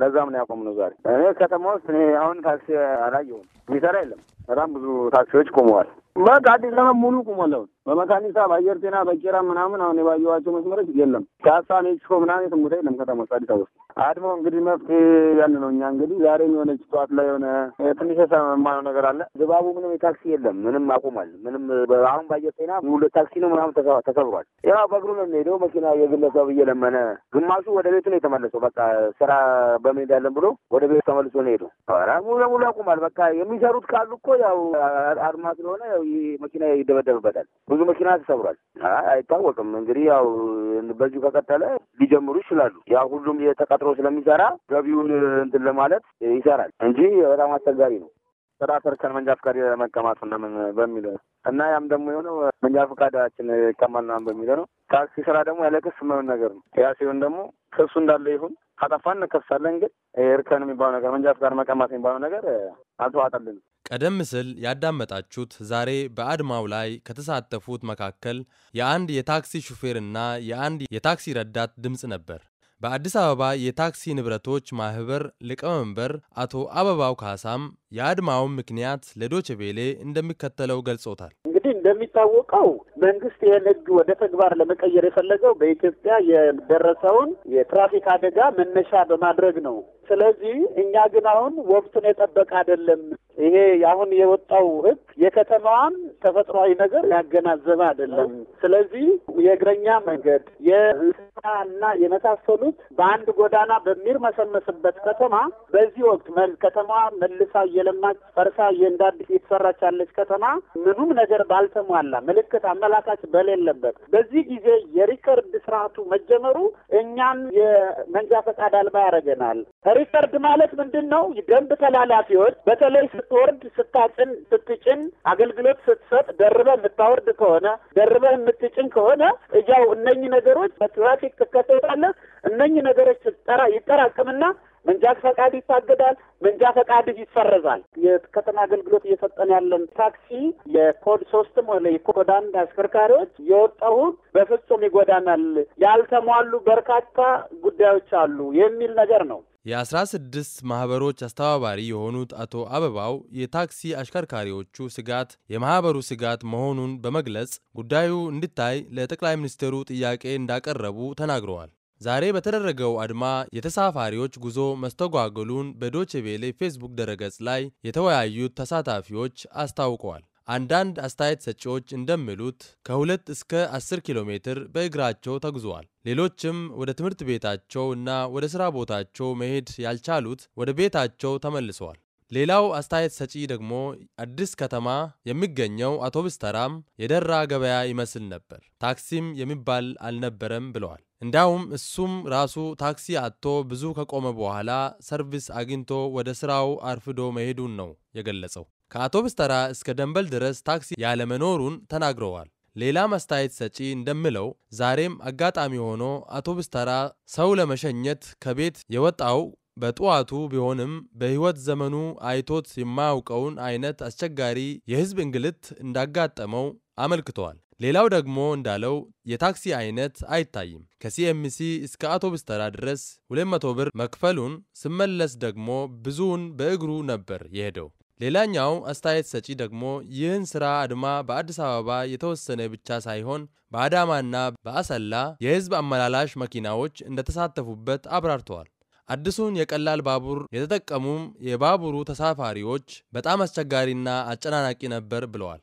ለዛም ነው ያቆምነው ዛሬ። እኔ ከተማ ውስጥ እኔ አሁን ታክሲ አላየሁም፣ የሚሰራ የለም። በጣም ብዙ ታክሲዎች ቆመዋል። በቃ አዲስ አበባ ሙሉ ቆሟል። አሁን በመካኒሳ በአየር ጤና በቄራ ምናምን አሁን የባየዋቸው መስመሮች የለም። ካሳ ሜክሲኮ ምናምን የተሞታ የለም። ከተማ ውስጥ አዲስ አበባ ውስጥ አድሞ እንግዲህ መፍትሄ ያን ነው። እኛ እንግዲህ ዛሬም የሆነች ጠዋት ላይ የሆነ ትንሽ የሰማነው ነገር አለ። ድባቡ ምንም የታክሲ የለም፣ ምንም አቁሟል። ምንም አሁን በአየር ጤና ሙሉ ታክሲ ነው ምናምን ተሰብሯል። ያው በእግሩ ነው የሚሄደው። መኪና የግለሰብ እየለመነ ግማሹ ወደ ቤቱ ነው የተመለሰው። በቃ ስራ በመሄድ ያለን ብሎ ወደ ቤቱ ተመልሶ ነው ሄደው። ሙሉ ለሙሉ አቁሟል። በቃ የሚሰሩት ካሉ እኮ ያው አድማ ስለሆነ ያው ይህ መኪና ይደበደብበታል። ብዙ መኪና ተሰብሯል። አይታወቅም እንግዲህ ያው በዚሁ ከቀጠለ ሊጀምሩ ይችላሉ። ያው ሁሉም የተቀጥሮ ስለሚሰራ ገቢውን እንትን ለማለት ይሰራል እንጂ በጣም አስቸጋሪ ነው። ስራ ሰርተን መንጃ ፍቃድ መቀማት ምናምን በሚል እና ያም ደግሞ የሆነው መንጃ ፍቃዳችን ይቀማል ምናምን በሚለው ነው። ታክሲ ስራ ደግሞ ያለ ክስ ምንም ነገር ነው። ያ ሲሆን ደግሞ ክሱ እንዳለ ይሁን ካጠፋን እንከሳለን። ግን እርከን የሚባለው ነገር መንጃ ፍቃድ መቀማት የሚባለው ነገር አልተዋጠልንም። ቀደም ሲል ያዳመጣችሁት ዛሬ በአድማው ላይ ከተሳተፉት መካከል የአንድ የታክሲ ሹፌርና የአንድ የታክሲ ረዳት ድምፅ ነበር። በአዲስ አበባ የታክሲ ንብረቶች ማህበር ሊቀመንበር አቶ አበባው ካሳም የአድማውን ምክንያት ለዶቼ እንደሚከተለው ገልጾታል። እንግዲህ እንደሚታወቀው መንግስት ይህን ህግ ወደ ተግባር ለመቀየር የፈለገው በኢትዮጵያ የደረሰውን የትራፊክ አደጋ መነሻ በማድረግ ነው። ስለዚህ እኛ ግን አሁን ወቅቱን የጠበቀ አይደለም። ይሄ አሁን የወጣው ህግ የከተማዋን ተፈጥሯዊ ነገር ያገናዘበ አይደለም። ስለዚህ የእግረኛ መንገድ የእንስሳ እና የመሳሰሉት በአንድ ጎዳና በሚርመሰመስበት ከተማ በዚህ ወቅት ከተማዋ መልሳ እየለማች ፈርሳ እንደ አዲስ እየተሰራች ያለች ከተማ ምኑም ነገር ባልተሟላ ምልክት አመላካች በሌለበት በዚህ ጊዜ የሪከርድ ስርዓቱ መጀመሩ እኛም የመንጃ ፈቃድ አልባ ያደረገናል። ሪፈርድ ማለት ምንድን ነው? ደንብ ተላላፊዎች በተለይ ስትወርድ፣ ስታጭን፣ ስትጭን፣ አገልግሎት ስትሰጥ ደርበህ የምታወርድ ከሆነ ደርበህ የምትጭን ከሆነ እያው እነኚህ ነገሮች በትራፊክ ትከሰታለህ። እነኚህ ነገሮች ይጠራቅምና መንጃ ፈቃድ ይታገዳል። መንጃ ፈቃድ ይሰረዛል። የከተማ አገልግሎት እየሰጠን ያለን ታክሲ የኮድ ሶስትም ሆነ የኮድ አንድ አሽከርካሪዎች የወጣሁት በፍጹም ይጎዳናል፣ ያልተሟሉ በርካታ ጉዳዮች አሉ የሚል ነገር ነው። የአስራ ስድስት ማህበሮች አስተባባሪ የሆኑት አቶ አበባው የታክሲ አሽከርካሪዎቹ ስጋት የማህበሩ ስጋት መሆኑን በመግለጽ ጉዳዩ እንዲታይ ለጠቅላይ ሚኒስትሩ ጥያቄ እንዳቀረቡ ተናግረዋል። ዛሬ በተደረገው አድማ የተሳፋሪዎች ጉዞ መስተጓገሉን በዶችቬሌ ፌስቡክ ድረገጽ ላይ የተወያዩት ተሳታፊዎች አስታውቀዋል። አንዳንድ አስተያየት ሰጪዎች እንደሚሉት ከሁለት እስከ 10 ኪሎ ሜትር በእግራቸው ተጉዘዋል። ሌሎችም ወደ ትምህርት ቤታቸው እና ወደ ሥራ ቦታቸው መሄድ ያልቻሉት ወደ ቤታቸው ተመልሰዋል። ሌላው አስተያየት ሰጪ ደግሞ አዲስ ከተማ የሚገኘው አውቶብስ ተራም የደራ ገበያ ይመስል ነበር፣ ታክሲም የሚባል አልነበረም ብለዋል። እንዳውም እሱም ራሱ ታክሲ አጥቶ ብዙ ከቆመ በኋላ ሰርቪስ አግኝቶ ወደ ስራው አርፍዶ መሄዱን ነው የገለጸው። ከአውቶብስ ተራ እስከ ደንበል ድረስ ታክሲ ያለመኖሩን ተናግረዋል። ሌላ አስተያየት ሰጪ እንደሚለው ዛሬም አጋጣሚ ሆኖ አውቶብስ ተራ ሰው ለመሸኘት ከቤት የወጣው በጠዋቱ ቢሆንም በሕይወት ዘመኑ አይቶት የማያውቀውን አይነት አስቸጋሪ የሕዝብ እንግልት እንዳጋጠመው አመልክተዋል። ሌላው ደግሞ እንዳለው የታክሲ አይነት አይታይም። ከሲኤምሲ እስከ አውቶቡስ ተራ ድረስ 200 ብር መክፈሉን፣ ስመለስ ደግሞ ብዙውን በእግሩ ነበር የሄደው። ሌላኛው አስተያየት ሰጪ ደግሞ ይህን ስራ አድማ በአዲስ አበባ የተወሰነ ብቻ ሳይሆን በአዳማና በአሰላ የህዝብ አመላላሽ መኪናዎች እንደተሳተፉበት አብራርተዋል። አዲሱን የቀላል ባቡር የተጠቀሙም የባቡሩ ተሳፋሪዎች በጣም አስቸጋሪና አጨናናቂ ነበር ብለዋል።